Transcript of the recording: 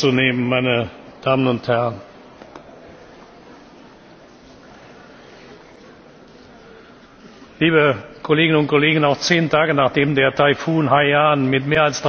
zu nehmen meine damen und herren! liebe kolleginnen und kollegen! auch zehn tage nachdem der taifun haiyan mit mehr als.